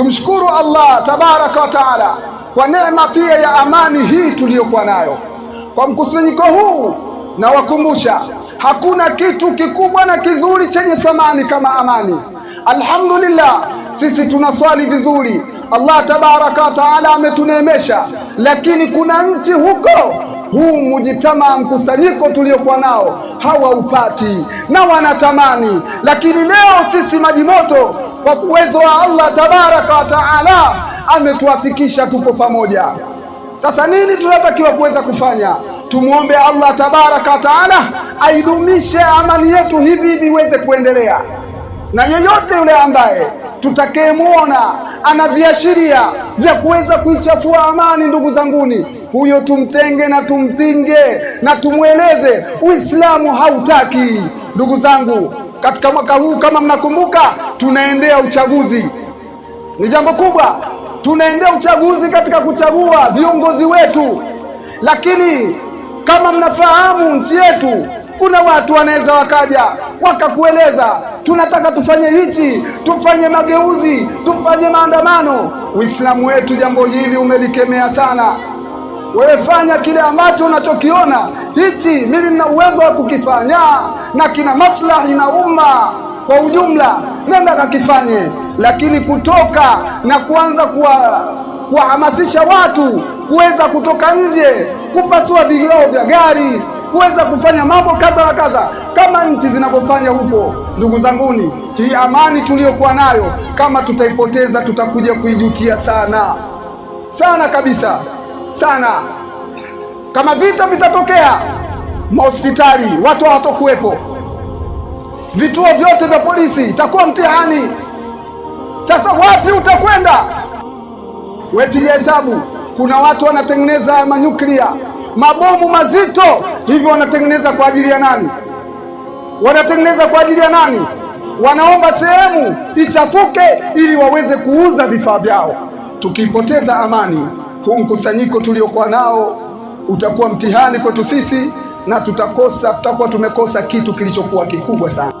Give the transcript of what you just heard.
Tumshukuru Allah tabaraka wa taala kwa neema pia ya amani hii tuliyokuwa nayo. Kwa mkusanyiko huu nawakumbusha, hakuna kitu kikubwa na kizuri chenye thamani kama amani. Alhamdulillah, sisi tunaswali vizuri, Allah tabaraka wa taala ametuneemesha, lakini kuna nchi huko huu mujitama mkusanyiko tuliokuwa nao hawaupati na wanatamani, lakini leo sisi maji moto kwa uwezo wa Allah tabaraka wa taala ametuafikisha, tupo pamoja. Sasa nini tunatakiwa kuweza kufanya? Tumwombe Allah tabaraka wa taala aidumishe amani yetu hivi hivi iweze kuendelea, na yeyote yule ambaye tutakayemwona ana viashiria vya kuweza kuichafua amani, ndugu zanguni, huyo tumtenge na tumpinge na tumweleze Uislamu hautaki. Ndugu zangu katika mwaka huu, kama mnakumbuka, tunaendea uchaguzi. Ni jambo kubwa, tunaendea uchaguzi katika kuchagua viongozi wetu, lakini kama mnafahamu, nchi yetu kuna watu wanaweza wakaja wakakueleza tunataka tufanye hichi, tufanye mageuzi, tufanye maandamano. Uislamu wetu jambo hili umelikemea sana. Wewe fanya kile ambacho unachokiona hichi, mimi nina uwezo wa kukifanya na kina maslahi na umma kwa ujumla, nenda kakifanye. Lakini kutoka na kuanza kuwahamasisha kuwa watu kuweza kutoka nje, kupasua vioo vya gari, kuweza kufanya mambo kadha wa kadha kama nchi zinavyofanya huko. Ndugu zanguni, hii amani tuliyokuwa nayo kama tutaipoteza, tutakuja kuijutia sana sana kabisa sana. Kama vita vitatokea, mahospitali watu hawatokuwepo, vituo vyote vya polisi, itakuwa mtihani. Sasa wapi utakwenda? Wetilia hesabu, kuna watu wanatengeneza manyuklia, mabomu mazito hivyo. Wanatengeneza kwa ajili ya nani? Wanatengeneza kwa ajili ya nani? Wanaomba sehemu ichafuke ili waweze kuuza vifaa vyao. Tukipoteza amani huu mkusanyiko tuliokuwa nao utakuwa mtihani kwetu sisi na tutakosa, tutakuwa tumekosa kitu kilichokuwa kikubwa sana.